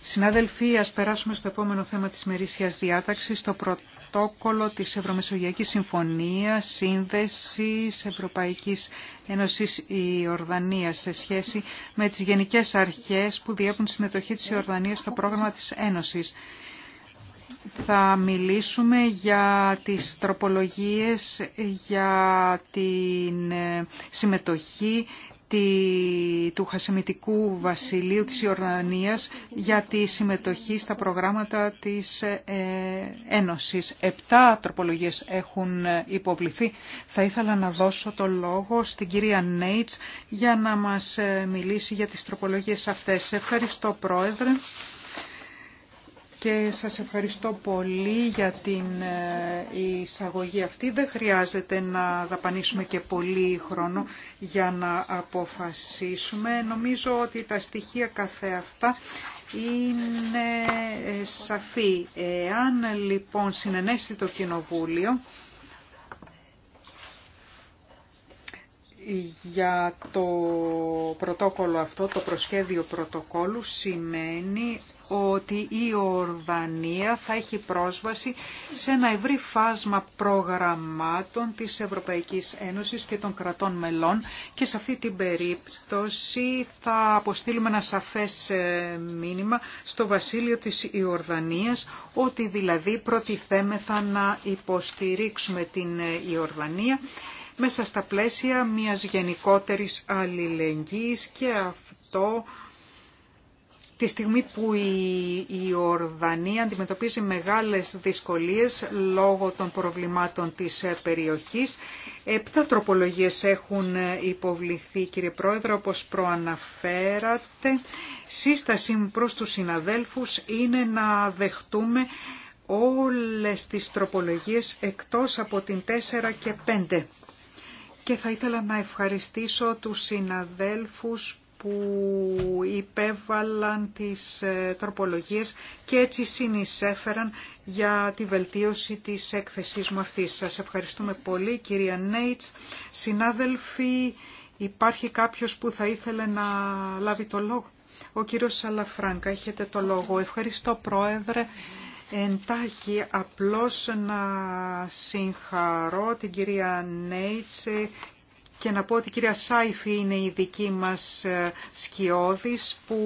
Συνάδελφοι, ας περάσουμε στο επόμενο θέμα της μερίσιας διάταξης, το πρωτόκολλο της Ευρωμεσογειακής Συμφωνίας Σύνδεσης Ευρωπαϊκής Ένωσης Ιορδανίας σε σχέση με τις γενικές αρχές που διέπουν συμμετοχή της Ιορδανίας στο πρόγραμμα της Ένωσης. Θα μιλήσουμε για τις τροπολογίες, για την ε, συμμετοχή, του Χασιμητικού Βασιλείου της Ιορδανίας για τη συμμετοχή στα προγράμματα της ε, Ένωσης. Επτά τροπολογίες έχουν ε, υποβληθεί. Θα ήθελα να δώσω το λόγο στην κυρία Νέιτς για να μας ε, μιλήσει για τις τροπολογίες αυτές. Ευχαριστώ Πρόεδρε και σας ευχαριστώ πολύ για την ε, εισαγωγή αυτή. Δεν χρειάζεται να δαπανίσουμε και πολύ χρόνο για να αποφασίσουμε. Νομίζω ότι τα στοιχεία αυτά είναι ε, σαφή. Εάν λοιπόν συνενέσει το Κοινοβούλιο, για το πρωτόκολλο αυτό, το προσχέδιο πρωτοκόλλου σημαίνει ότι η Ορδανία θα έχει πρόσβαση σε ένα ευρύ φάσμα προγραμμάτων της Ευρωπαϊκής Ένωσης και των κρατών μελών και σε αυτή την περίπτωση θα αποστείλουμε ένα σαφές ε, μήνυμα στο βασίλειο της Ιορδανίας ότι δηλαδή προτιθέμεθα να υποστηρίξουμε την ε, Ιορδανία μέσα στα πλαίσια μιας γενικότερης αλληλεγγύης και αυτό τη στιγμή που η Ορδανία αντιμετωπίζει μεγάλες δυσκολίες λόγω των προβλημάτων της ε, περιοχής. Επτά τροπολογίες έχουν ε, υποβληθεί, κύριε Πρόεδρε, όπως προαναφέρατε. Σύσταση προς τους συναδέλφους είναι να δεχτούμε όλες τις τροπολογίες εκτός από την 4 και 5 και θα ήθελα να ευχαριστήσω τους συναδέλφους που υπέβαλαν τις ε, τροπολογίες και έτσι συνεισέφεραν για τη βελτίωση της έκθεσής μου αυτής. Σας ευχαριστούμε πολύ κυρία Νέιτς. Συνάδελφοι, υπάρχει κάποιος που θα ήθελε να λάβει το λόγο. Ο κύριος Σαλαφράγκα, έχετε το λόγο. Ευχαριστώ πρόεδρε. Εντάχει απλώς να συγχαρώ την κυρία Νέιτσε και να πω ότι η κυρία Σάιφη είναι η δική μας ε, σκιώδης που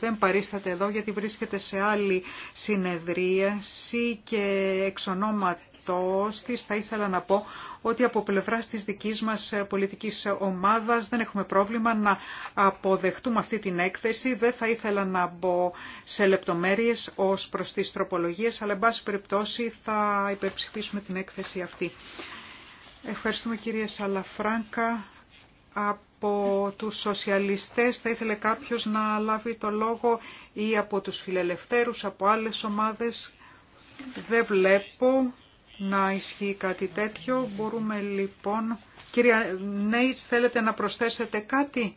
δεν παρίσταται εδώ γιατί βρίσκεται σε άλλη συνεδρίαση και εξ ονόματός της θα ήθελα να πω ότι από πλευρά της δικής μας ε, πολιτικής ομάδας δεν έχουμε πρόβλημα να αποδεχτούμε αυτή την έκθεση. Δεν θα ήθελα να μπω σε λεπτομέρειες ως προς τις τροπολογίες, αλλά εν πάση περιπτώσει θα υπερψηφίσουμε την έκθεση αυτή. Ευχαριστούμε κυρία Σαλαφράνκα. Από τους σοσιαλιστές θα ήθελε κάποιος να λάβει το λόγο ή από τους φιλελευθέρους, από άλλες ομάδες. Δεν βλέπω να ισχύει κάτι τέτοιο. Μπορούμε λοιπόν... Κυρία Νέιτς, θέλετε να προσθέσετε κάτι.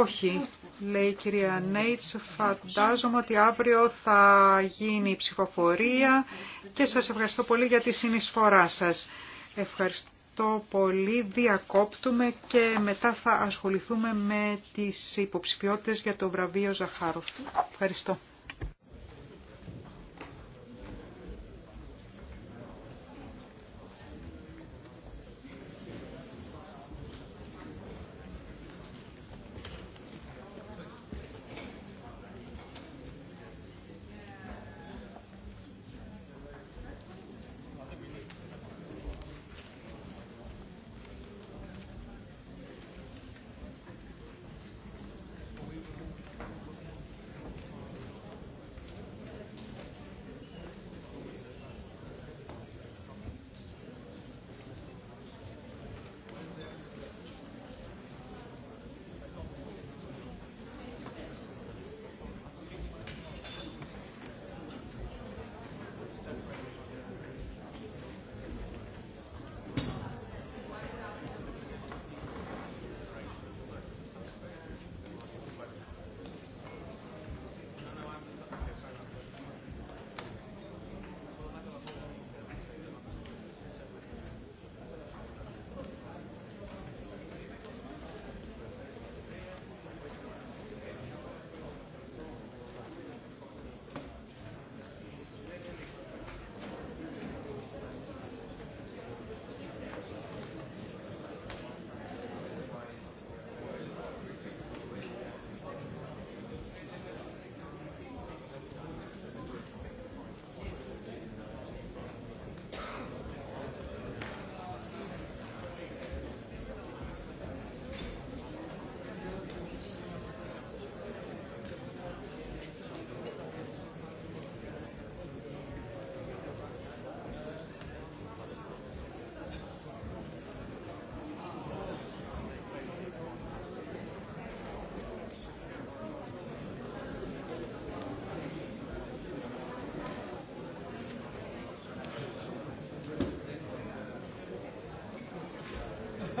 Όχι, λέει η κυρία Νέιτς, φαντάζομαι ότι αύριο θα γίνει η ψηφοφορία και σας ευχαριστώ πολύ για τη συνεισφορά σας. Ευχαριστώ πολύ, διακόπτουμε και μετά θα ασχοληθούμε με τις υποψηφιότητες για το βραβείο Ζαχάροφ. Ευχαριστώ.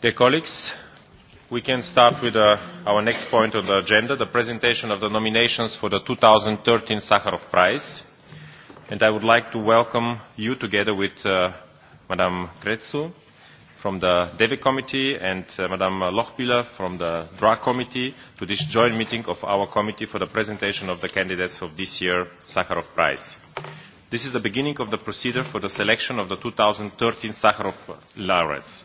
Dear colleagues, we can start with our next point on the agenda, the presentation of the nominations for the 2013 Sakharov Prize. And I would like to welcome you together with madam gretzu from the DEVE Committee and Madam Lochbihler from the DRA Committee to this joint meeting of our committee for the presentation of the candidates of this year's Sakharov Prize. This is the beginning of the procedure for the selection of the 2013 Sakharov laureates.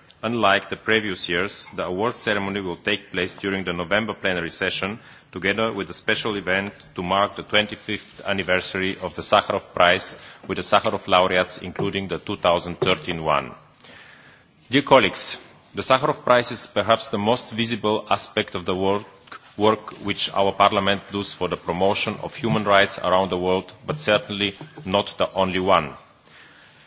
Unlike the previous years, the award ceremony will take place during the November plenary session, together with a special event to mark the 25th anniversary of the Sakharov Prize, with the Sakharov laureates, including the 2013 one. Dear colleagues, the Sakharov Prize is perhaps the most visible aspect of the work which our Parliament does for the promotion of human rights around the world, but certainly not the only one.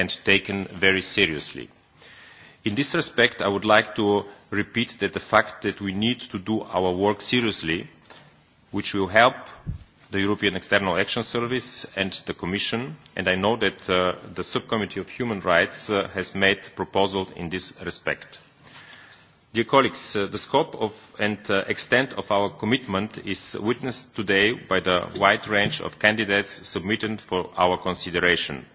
and taken very seriously. In this respect, I would like to repeat that the fact that we need to do our work seriously, which will help the European External Action Service and the Commission, and I know that the Subcommittee of Human Rights has made proposals in this respect. Dear colleagues, the scope and extent of our commitment is witnessed today by the wide range of candidates submitted for our consideration –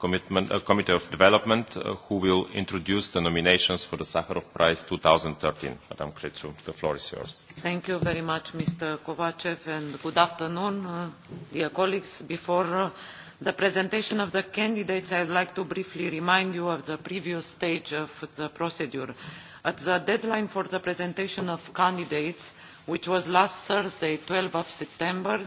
Committee of Development, who will introduce the nominations for the Sakharov Prize 2013. Madam Kretsu, the floor is yours. Thank you very much, Mr. Kovachev, and good afternoon, dear colleagues. Before the presentation of the candidates, I would like to briefly remind you of the previous stage of the procedure. At the deadline for the presentation of candidates, which was last Thursday, 12 of September,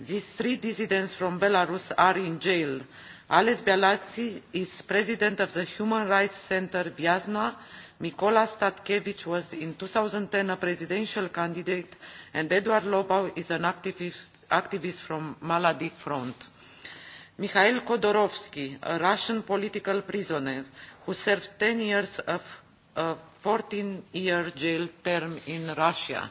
These three dissidents from Belarus are in jail. Ales Bialatsi is president of the Human Rights Centre Vyazna. Mikola Statkevich was in 2010 a presidential candidate, and Eduard Lobau is an activist from Maladi Front. Mikhail khodorkovsky a Russian political prisoner who served ten years of a 14-year jail term in Russia,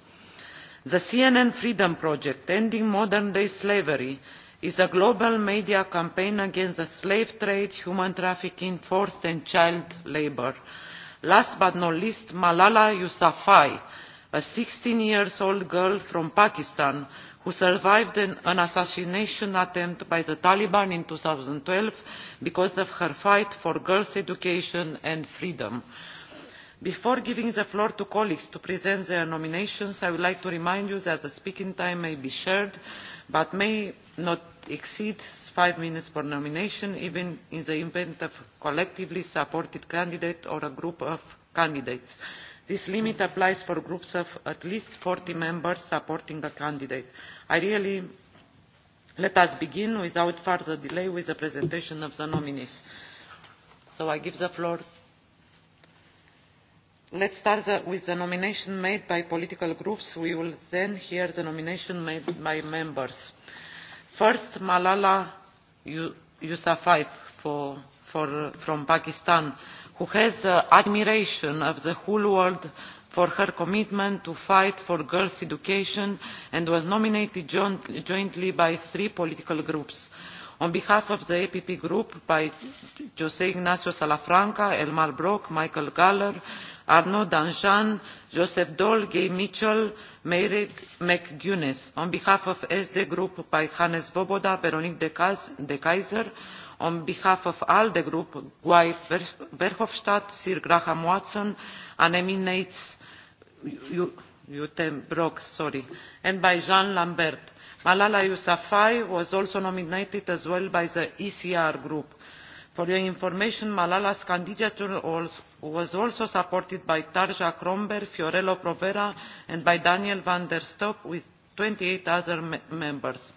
the cnn freedom project ending modern day slavery is a global media campaign against the slave trade human trafficking forced and child labour. last but not least malala yousafzai a sixteen year old girl from pakistan who survived an assassination attempt by the taliban in 2012, twelve because of her fight for girls' education and freedom. Before giving the floor to colleagues to present their nominations, I would like to remind you that the speaking time may be shared, but may not exceed five minutes per nomination, even in the event of a collectively supported candidate or a group of candidates. This limit applies for groups of at least 40 members supporting a candidate. I really let us begin without further delay with the presentation of the nominees. So I give the floor Let's start with the nomination made by political groups. We will then hear the nomination made by members. First, Malala Yousafzai from Pakistan, who has admiration of the whole world for her commitment to fight for girls' education and was nominated jointly by three political groups. On behalf of the EPP Group, by José Ignacio Salafranca, Elmar Brok, Michael Galler, Arnaud danjean Joseph Daul, Gay Mitchell, Mairead McGuinness. On behalf of SD Group by Hannes Boboda, Veronique de Kaiser. On behalf of ALDE Group, Guy Verhofstadt, Sir Graham Watson, Annemie Nates, Jutta Brok, and by Jean Lambert. Malala Yousafzai was also nominated as well by the ECR Group. For your information, Malala's candidature was also supported by Tarja Kromberg, Fiorello Provera and by Daniel van der Stoep with 28 other members.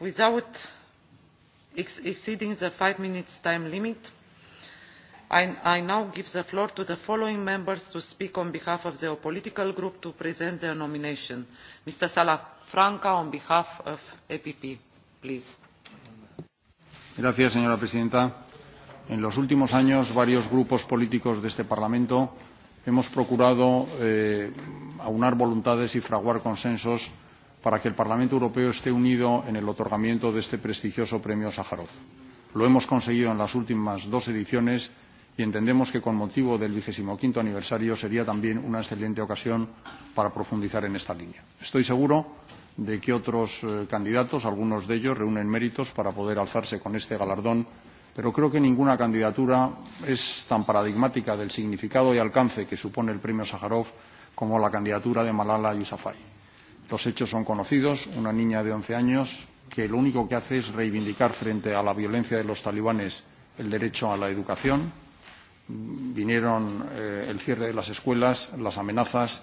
Without exceeding the five minutes time limit, I now give the floor to the following members to speak on behalf of their political group to present their nomination. Mr. Salafranca on behalf of EPP, please señora presidenta en los últimos años varios grupos políticos de este parlamento hemos procurado aunar voluntades y fraguar consensos para que el parlamento europeo esté unido en el otorgamiento de este prestigioso premio sájarov. lo hemos conseguido en las últimas dos ediciones y entendemos que con motivo del vigesimoquinto aniversario sería también una excelente ocasión para profundizar en esta línea. estoy seguro de que otros candidatos, algunos de ellos, reúnen méritos para poder alzarse con este galardón, pero creo que ninguna candidatura es tan paradigmática del significado y alcance que supone el premio Sájarov como la candidatura de Malala Yousafzai. Los hechos son conocidos, una niña de 11 años que lo único que hace es reivindicar frente a la violencia de los talibanes el derecho a la educación. Vinieron el cierre de las escuelas, las amenazas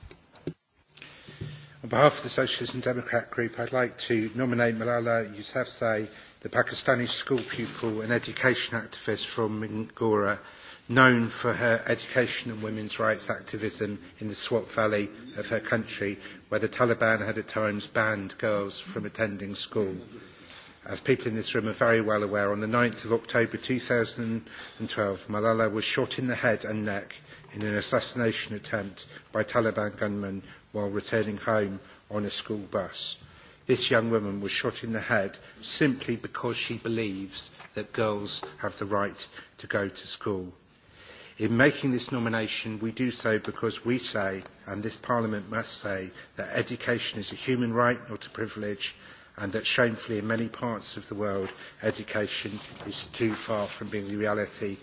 On behalf of the Socialist and Democrat Group, I'd like to nominate Malala Yousafzai, the Pakistani school pupil and education activist from Mingora, known for her education and women's rights activism in the Swat Valley of her country, where the Taliban had at times banned girls from attending school. As people in this room are very well aware, on the 9th of October 2012, Malala was shot in the head and neck in an assassination attempt by Taliban gunmen while returning home on a school bus. This young woman was shot in the head simply because she believes that girls have the right to go to school. In making this nomination, we do so because we say, and this Parliament must say, that education is a human right, not a privilege, and that shamefully in many parts of the world, education is too far from being the reality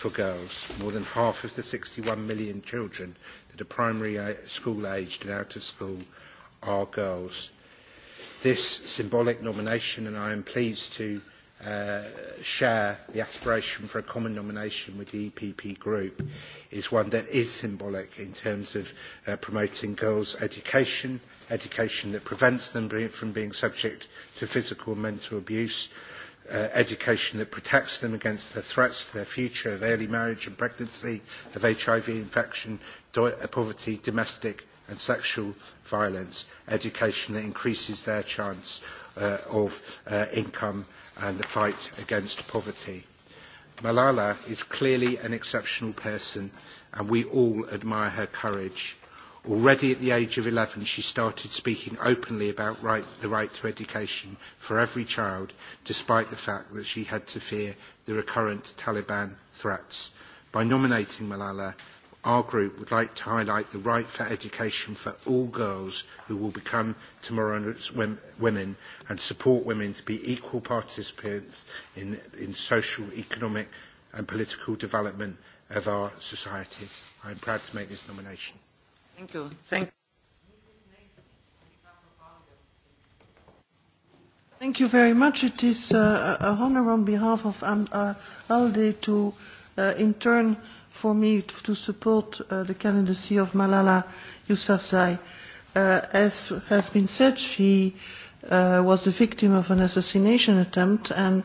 for girls, more than half of the 61 million children that are primary school aged and out of school are girls. This symbolic nomination, and I am pleased to share the aspiration for a common nomination with the EPP group, is one that is symbolic in terms of promoting girls' education, education that prevents them from being subject to physical and mental abuse, education that protects them against the threats to their future of early marriage and pregnancy, of HIV infection, poverty, domestic and sexual violence, education that increases their chance of income and the fight against poverty. Malala is clearly an exceptional person and we all admire her courage Already at the age of 11 she started speaking openly about the right to education for every child, despite the fact that she had to fear the recurrent Taliban threats. By nominating Malala, our group would like to highlight the right for education for all girls who will become tomorrow's women and support women to be equal participants in social, economic and political development of our societies. I am proud to make this nomination. Thank you. Thank you very much. It is uh, a honor on behalf of uh, ALDE to, in turn, for me to support the candidacy of Malala Yousafzai. Uh, as has been said, she was the victim of an assassination attempt, and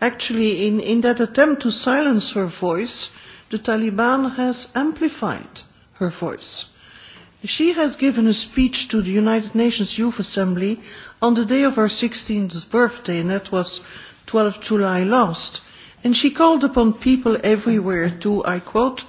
actually, in, in that attempt to silence her voice, the Taliban has amplified her voice She has given a speech to the United Nations Youth Assembly on the day of her 16th birthday, and that was 12 July last. And she called upon people everywhere to, I quote,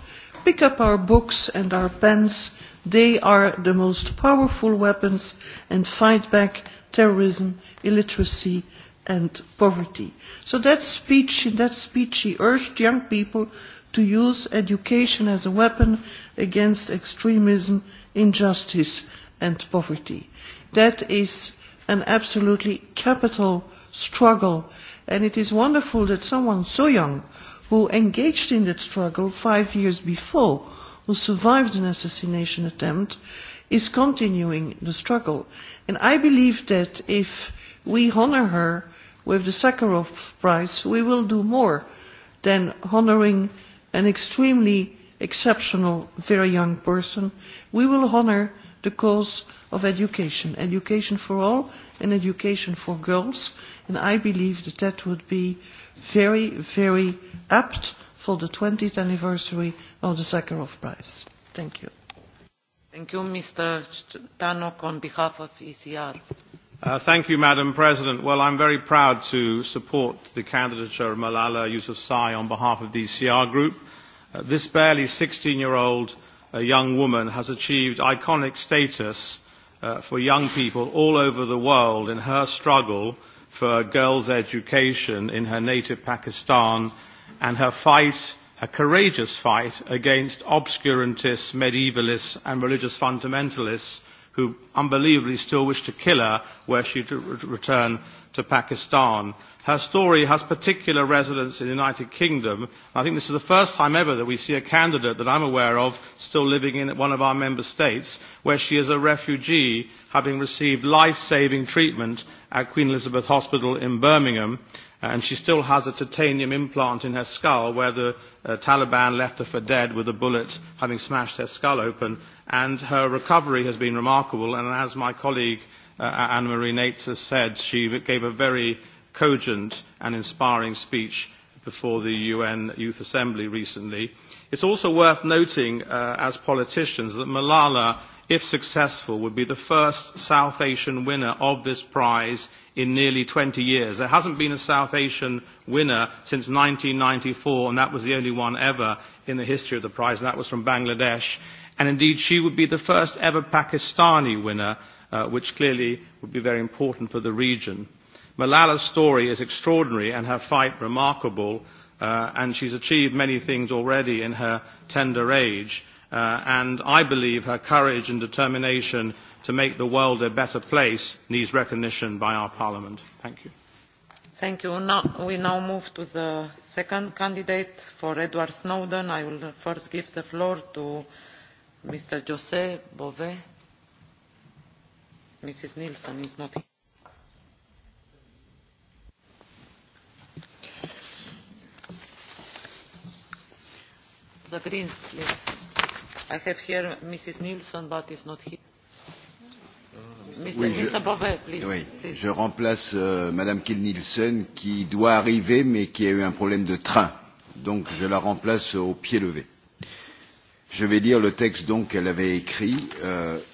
pick up our books and our pens. They are the most powerful weapons and fight back terrorism, illiteracy and poverty. So that speech, in that speech she urged young people to use education as a weapon against extremism injustice and poverty. That is an absolutely capital struggle and it is wonderful that someone so young who engaged in that struggle five years before, who survived an assassination attempt, is continuing the struggle. And I believe that if we honor her with the Sakharov Prize, we will do more than honoring an extremely exceptional, very young person, we will honour the cause of education, education for all and education for girls, and I believe that that would be very, very apt for the 20th anniversary of the Sakharov Prize. Thank you. Thank you, Mr. Tanok, on behalf of ECR. Thank you, Madam President. Well, I'm very proud to support the candidature of Malala Yousafzai on behalf of the ECR Group this barely 16-year-old young woman has achieved iconic status for young people all over the world in her struggle for girls' education in her native Pakistan and her fight, her courageous fight against obscurantists, medievalists and religious fundamentalists who unbelievably still wish to kill her where she to return to Pakistan. Her story has particular resonance in the United Kingdom. I think this is the first time ever that we see a candidate that I'm aware of still living in one of our member states, where she is a refugee, having received life-saving treatment at Queen Elizabeth Hospital in Birmingham, and she still has a titanium implant in her skull where the Taliban left her for dead with a bullet having smashed her skull open, and her recovery has been remarkable, and as my colleague Anne Marie Nates has said, she gave a very cogent and inspiring speech before the UN Youth Assembly recently. It's also worth noting as politicians that Malala, if successful, would be the first South Asian winner of this prize in nearly 20 years. There hasn't been a South Asian winner since 1994, and that was the only one ever in the history of the prize, and that was from Bangladesh. And indeed, she would be the first ever Pakistani winner which clearly would be very important for the region. Malala's story is extraordinary and her fight remarkable, and she's achieved many things already in her tender age, and I believe her courage and determination to make the world a better place needs recognition by our Parliament. Thank you. Thank you. We now move to the second candidate for Edward Snowden. I will first give the floor to Mr. José Bové. Mrs. Nielsen is not here. The Greens, please. I have here Mrs. Nielsen, but is not here. Oui, je remplace Madame Kiel Nielsen qui doit arriver mais qui a eu un problème de train. Donc je la remplace au pied levé. Je vais lire le texte donc qu'elle avait écrit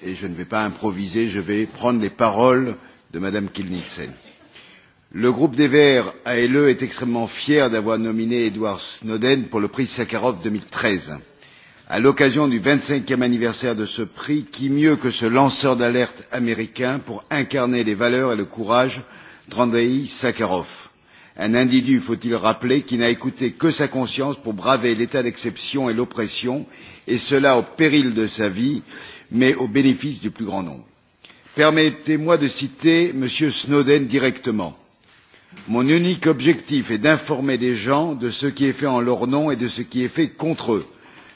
et je ne vais pas improviser, je vais prendre les paroles de Madame Kilnitsen. Le groupe des Verts ALE est extrêmement fier d'avoir nominé Edward Snowden pour le prix Sakharov 2013. À l'occasion du 25e anniversaire de ce prix, qui mieux que ce lanceur d'alerte américain pour incarner les valeurs et le courage d'Andrei Sakharov un individu, faut-il rappeler, qui n'a écouté que sa conscience pour braver l'état d'exception et l'oppression, et cela au péril de sa vie, mais au bénéfice du plus grand nombre. Permettez-moi de citer M. Snowden directement. Mon unique objectif est d'informer les gens de ce qui est fait en leur nom et de ce qui est fait contre eux.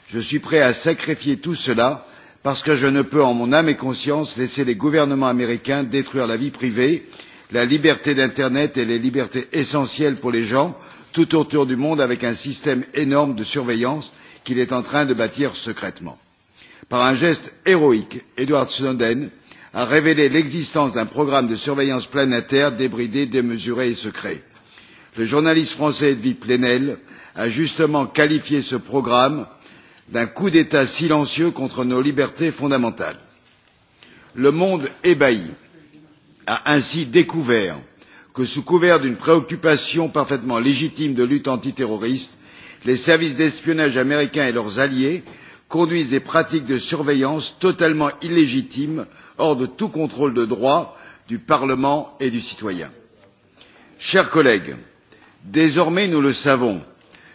Je suis prêt à sacrifier tout cela parce que je ne peux, en mon âme et conscience, laisser les gouvernements américains détruire la vie privée la liberté d'internet est les libertés essentielles pour les gens tout autour du monde avec un système énorme de surveillance qu'il est en train de bâtir secrètement. par un geste héroïque edward snowden a révélé l'existence d'un programme de surveillance planétaire débridé démesuré et secret. le journaliste français edwy plenel a justement qualifié ce programme d'un coup d'état silencieux contre nos libertés fondamentales. le monde ébahi a ainsi découvert que sous couvert d'une préoccupation parfaitement légitime de lutte antiterroriste les services d'espionnage américains et leurs alliés conduisent des pratiques de surveillance totalement illégitimes hors de tout contrôle de droit du parlement et du citoyen. chers collègues désormais nous le savons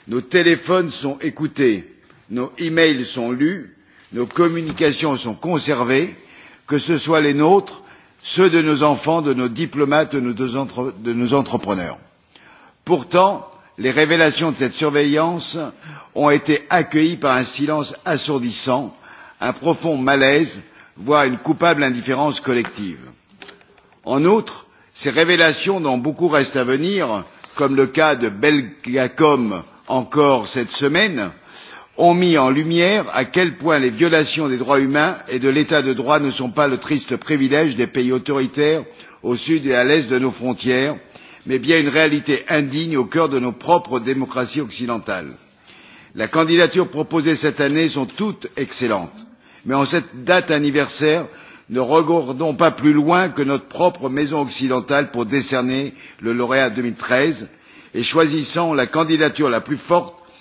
nos téléphones sont écoutés nos e mails sont lus nos communications sont conservées que ce soit les nôtres ceux de nos enfants, de nos diplomates, de nos entrepreneurs. Pourtant, les révélations de cette surveillance ont été accueillies par un silence assourdissant, un profond malaise, voire une coupable indifférence collective. En outre, ces révélations dont beaucoup restent à venir, comme le cas de Belgacom encore cette semaine, ont mis en lumière à quel point les violations des droits humains et de l'état de droit ne sont pas le triste privilège des pays autoritaires au sud et à l'est de nos frontières mais bien une réalité indigne au cœur de nos propres démocraties occidentales. les candidatures proposées cette année sont toutes excellentes mais en cette date anniversaire ne regardons pas plus loin que notre propre maison occidentale pour décerner le lauréat 2013 et choisissons la candidature la plus forte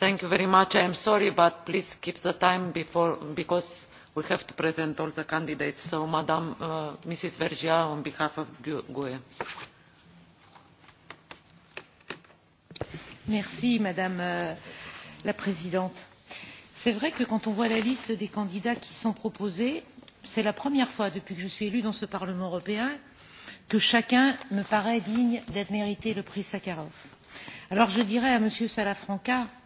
Thank you very much. I am sorry, but please keep the time before, because we have to present all the candidates. So, Madam, Mrs. Vergia, on behalf of GUE. Merci, Madame la Présidente. C'est vrai que quand on voit la liste des candidats qui sont proposés, c'est la première fois depuis que je suis élue dans ce Parlement européen que chacun me paraît digne d'être mérité le prix Sakharov. Alors je dirais à M. Salafranca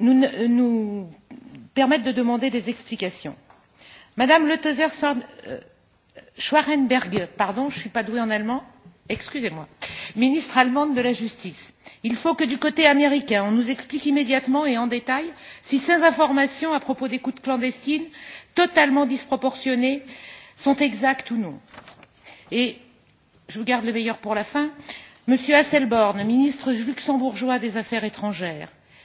nous permettent de demander des explications. Madame Leuthauser Schwarenberg, pardon, je ne suis pas douée en allemand, excusez-moi, ministre allemande de la Justice. Il faut que du côté américain, on nous explique immédiatement et en détail si ces informations à propos d'écoutes clandestines, totalement disproportionnées, sont exactes ou non. Et je vous garde le meilleur pour la fin. Monsieur Hasselborn, ministre luxembourgeois des Affaires étrangères,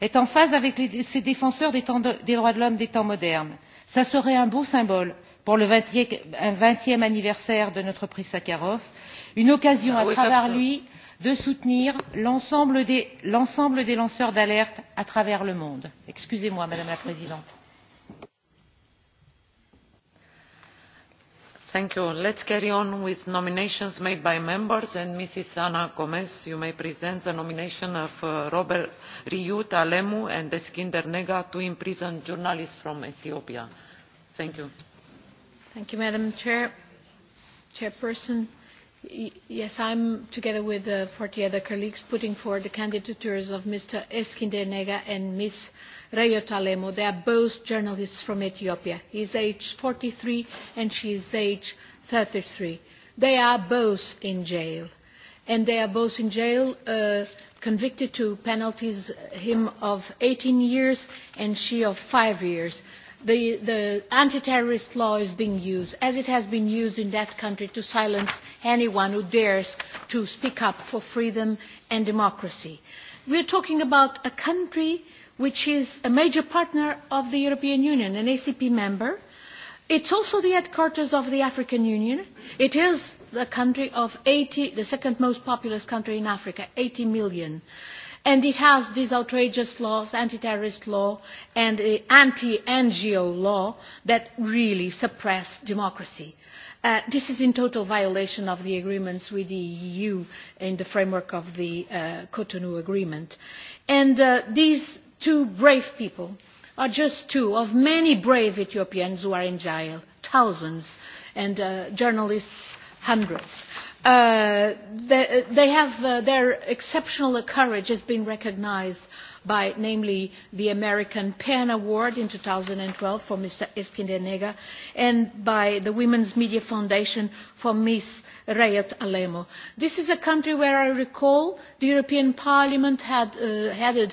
est en phase avec ses défenseurs des droits de l'homme des temps modernes. ce serait un beau symbole pour le vingtième anniversaire de notre prix sakharov une occasion à travers lui de soutenir l'ensemble des lanceurs d'alerte à travers le monde. excusez moi madame la présidente. Thank you. Let's carry on with nominations made by members. And Mrs. Ana Gomez, you may present the nomination of Robert Riut Alemu and Eskinder Nega, two imprisoned journalists from Ethiopia. Thank you. Thank you, Madam Chair. Chairperson, yes, I'm, together with forty other colleagues, putting forward the candidatures of Mr. Eskinder Nega and Ms. Rayo Talemo. They are both journalists from Ethiopia. He is age 43 and she is age 33. They are both in jail. And they are both in jail, convicted to penalties, him of 18 years and she of 5 years. The anti-terrorist law is being used, as it has been used in that country, to silence anyone who dares to speak up for freedom and democracy. We are talking about a country which is a major partner of the European Union, an ACP member. It's also the headquarters of the African Union. It is the country of 80, the second most populous country in Africa, 80 million. And it has these outrageous laws, anti-terrorist law and anti-NGO law that really suppress democracy. This is in total violation of the agreements with the EU in the framework of the Cotonou Agreement. And these two brave people are just two of many brave Ethiopians who are in jail, thousands, and journalists, hundreds. They have their exceptional courage has been recognised by, namely, the American PEN Award in 2012 for Mr. Eskindenega and by the Women's Media Foundation for Ms. Reyat Alemo. This is a country where I recall the European Parliament had headed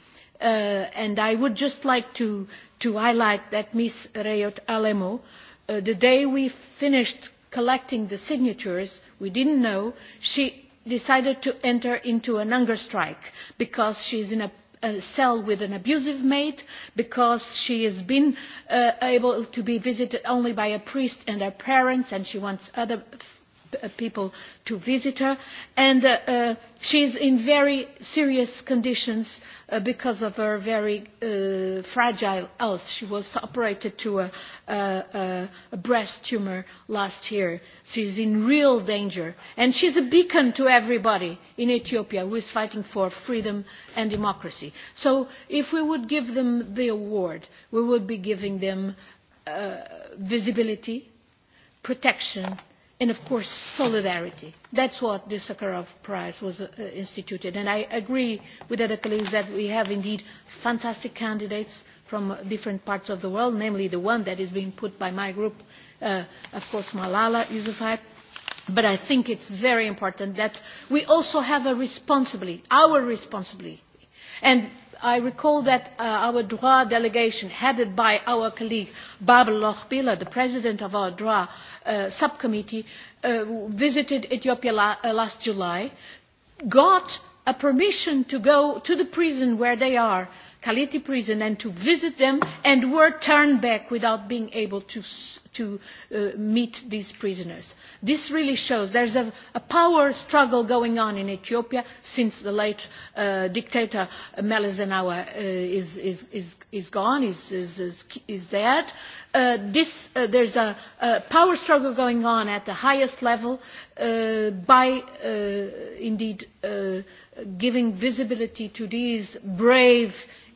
and I would just like to highlight that Ms. Reyot Alemo, the day we finished collecting the signatures, we didn't know, she decided to enter into an hunger strike because she is in a cell with an abusive mate, because she has been able to be visited only by a priest and her parents, and she wants other people to visit her and she is in very serious conditions because of her very fragile health. She was operated to a breast tumor last year. She is in real danger and she is a beacon to everybody in Ethiopia who is fighting for freedom and democracy. So if we would give them the award, we would be giving them visibility, protection and of course solidarity. That's what the Sakharov Prize was instituted. And I agree with other colleagues that we have indeed fantastic candidates from different parts of the world, namely the one that is being put by my group, of course Malala Yousafzai. But I think it's very important that we also have a responsibility, our responsibility. And I recall that our DROA delegation, headed by our colleague Babel Lochbihler, the president of our DROA subcommittee, visited Ethiopia last July, got a permission to go to the prison where they are Kaliti prison and to visit them and were turned back without being able to meet these prisoners. This really shows there is a power struggle going on in Ethiopia since the late dictator Meles is is gone, is dead. There is a power struggle going on at the highest level by indeed giving visibility to these brave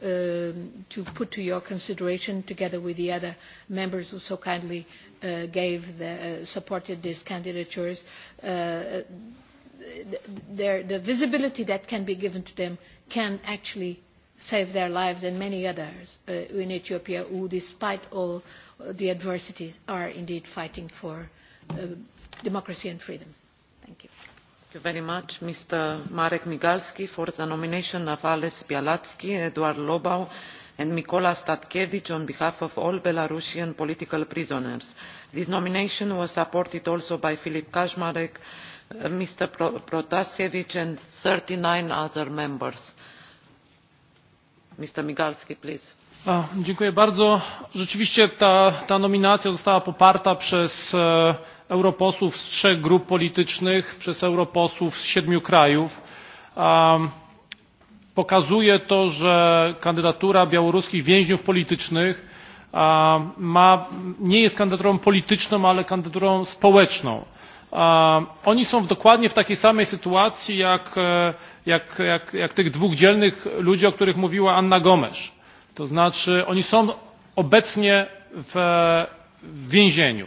to put to your consideration together with the other members who so kindly supported these candidatures the visibility that can be given to them can actually save their lives and many others in Ethiopia who despite all the adversities are indeed fighting for democracy and freedom thank you very much, Mr. Marek Migalski, for the nomination of Ales Bialatsky, Eduard Lobau, and Mikola Statkevich on behalf of all Belarusian political prisoners. This nomination was supported also by Filip Kaczmarek, Mr. Protasevich, and 39 other members. Mr. Migalski, please. Dziękuję bardzo. Rzeczywiście ta nominacja została poparta przez europosłów z trzech grup politycznych przez europosłów z siedmiu krajów. Pokazuje to, że kandydatura białoruskich więźniów politycznych nie jest kandydaturą polityczną, ale kandydaturą społeczną. Oni są dokładnie w takiej samej sytuacji jak tych dwóch dzielnych ludzi, o których mówiła Anna Gomes. To znaczy oni są obecnie w więzieniu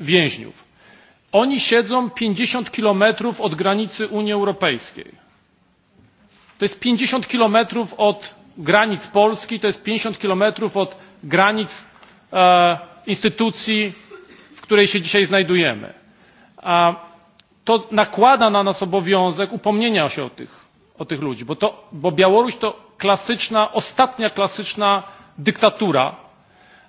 więźniów. Oni siedzą 50 kilometrów od granicy Unii Europejskiej. To jest 50 kilometrów od granic Polski, to jest 50 kilometrów od granic instytucji, w której się dzisiaj znajdujemy. A To nakłada na nas obowiązek upomnienia się o tych ludzi, bo Białoruś to klasyczna, ostatnia klasyczna dyktatura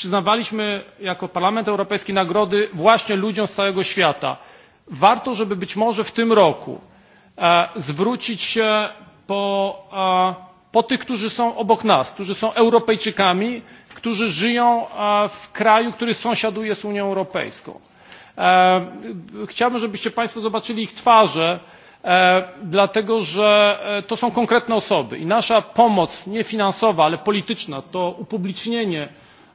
przyznawaliśmy jako Parlament Europejski nagrody właśnie ludziom z całego świata. Warto, żeby być może w tym roku zwrócić się po tych, którzy są obok nas, którzy są Europejczykami, którzy żyją w kraju, który sąsiaduje z Unią Europejską. Chciałbym, żebyście Państwo zobaczyli ich twarze, dlatego że to są konkretne osoby i nasza pomoc, nie finansowa, ale polityczna, to upublicznienie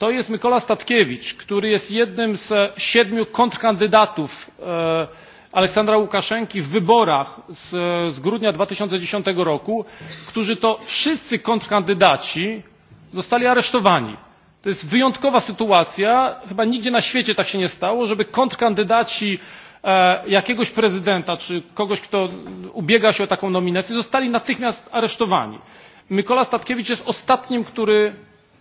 to jest Mykola Statkiewicz, który jest jednym z siedmiu kontrkandydatów Aleksandra Łukaszenki w wyborach z grudnia 2010 roku, którzy to wszyscy kontrkandydaci zostali aresztowani. To jest wyjątkowa sytuacja, chyba nigdzie na świecie tak się nie stało, żeby kontrkandydaci jakiegoś prezydenta czy kogoś, kto ubiega się o taką nominację, zostali natychmiast aresztowani. Mykola Statkiewicz jest ostatnim, który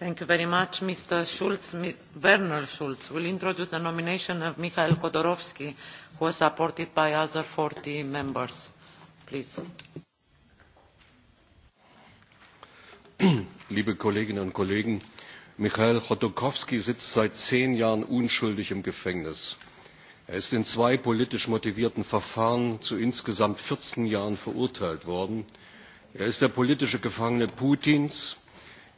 Thank you Werner will introduce nomination of Mikhail who supported by members. Liebe Kolleginnen und Kollegen, Mikhail Chodorkowski sitzt seit zehn Jahren unschuldig im Gefängnis. Er ist in zwei politisch motivierten Verfahren zu insgesamt 14 Jahren verurteilt worden. Er ist der politische Gefangene Putins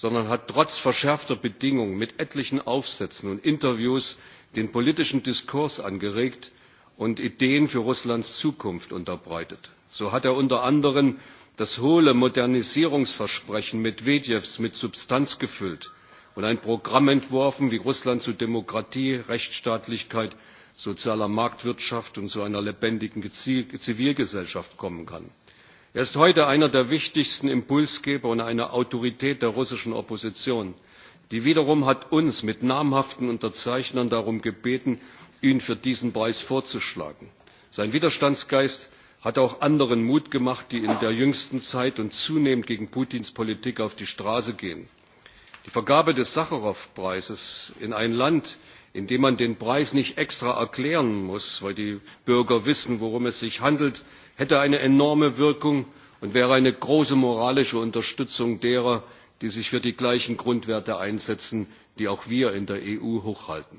sondern hat trotz verschärfter bedingungen mit etlichen aufsätzen und interviews den politischen diskurs angeregt und ideen für russlands zukunft unterbreitet. so hat er unter anderem das hohle modernisierungsversprechen medwedews mit substanz gefüllt und ein programm entworfen wie russland zu demokratie rechtsstaatlichkeit sozialer marktwirtschaft und zu einer lebendigen zivilgesellschaft kommen kann er ist heute einer der wichtigsten impulsgeber und eine autorität der russischen opposition die wiederum hat uns mit namhaften unterzeichnern darum gebeten ihn für diesen preis vorzuschlagen. sein widerstandsgeist hat auch anderen mut gemacht die in der jüngsten zeit und zunehmend gegen putins politik auf die straße gehen. die vergabe des sacharow preises in ein land indem man den preis nicht extra erklären muss weil die bürger wissen worum es sich handelt hätte eine enorme wirkung und wäre eine große moralische unterstützung derer die sich für die gleichen grundwerte einsetzen die auch wir in der eu hochhalten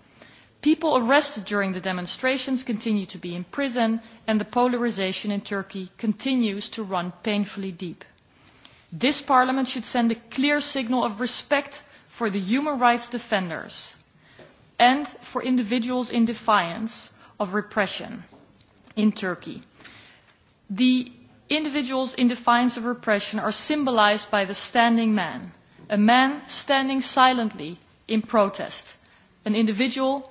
People arrested during the demonstrations continue to be in prison and the polarisation in Turkey continues to run painfully deep. This Parliament should send a clear signal of respect for the human rights defenders and for individuals in defiance of repression in Turkey. The individuals in defiance of repression are symbolised by the standing man, a man standing silently in protest, an individual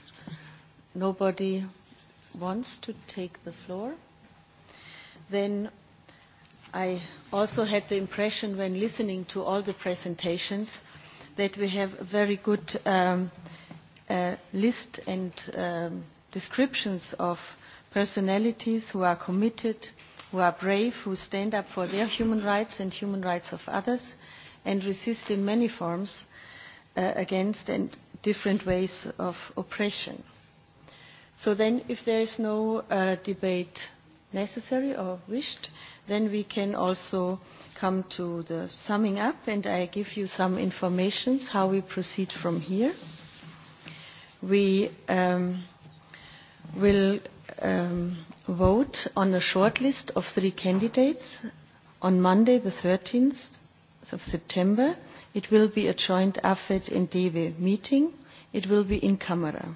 Nobody wants to take the floor. Then I also had the impression when listening to all the presentations that we have a very good list and descriptions of personalities who are committed, who are brave, who stand up for their human rights and human rights of others and resist in many forms against and different ways of oppression. So then if there is no debate necessary or wished, then we can also come to the summing up and I give you some information how we proceed from here. We will vote on a short list of three candidates on Monday the 13th of September. It will be a joint AFED and DEWE meeting. It will be in camera.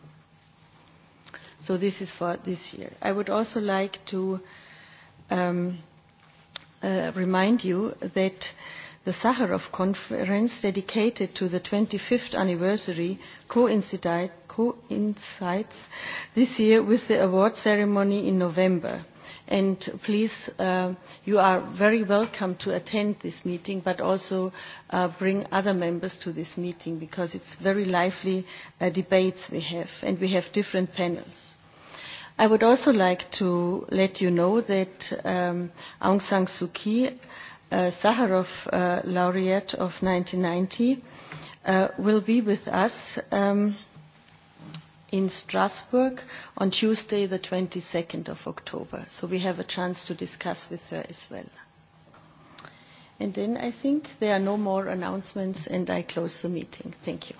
So this is for this year. I would also like to remind you that the Sakharov Conference dedicated to the 25th anniversary coincides this year with the award ceremony in November. And please, you are very welcome to attend this meeting, but also bring other members to this meeting because it's very lively debates we have, and we have different panels. I would also like to let you know that Aung San Suu Kyi, Sakharov laureate of 1990, will be with us in Strasbourg on Tuesday, the 22nd of October. So we have a chance to discuss with her as well. And then I think there are no more announcements and I close the meeting. Thank you.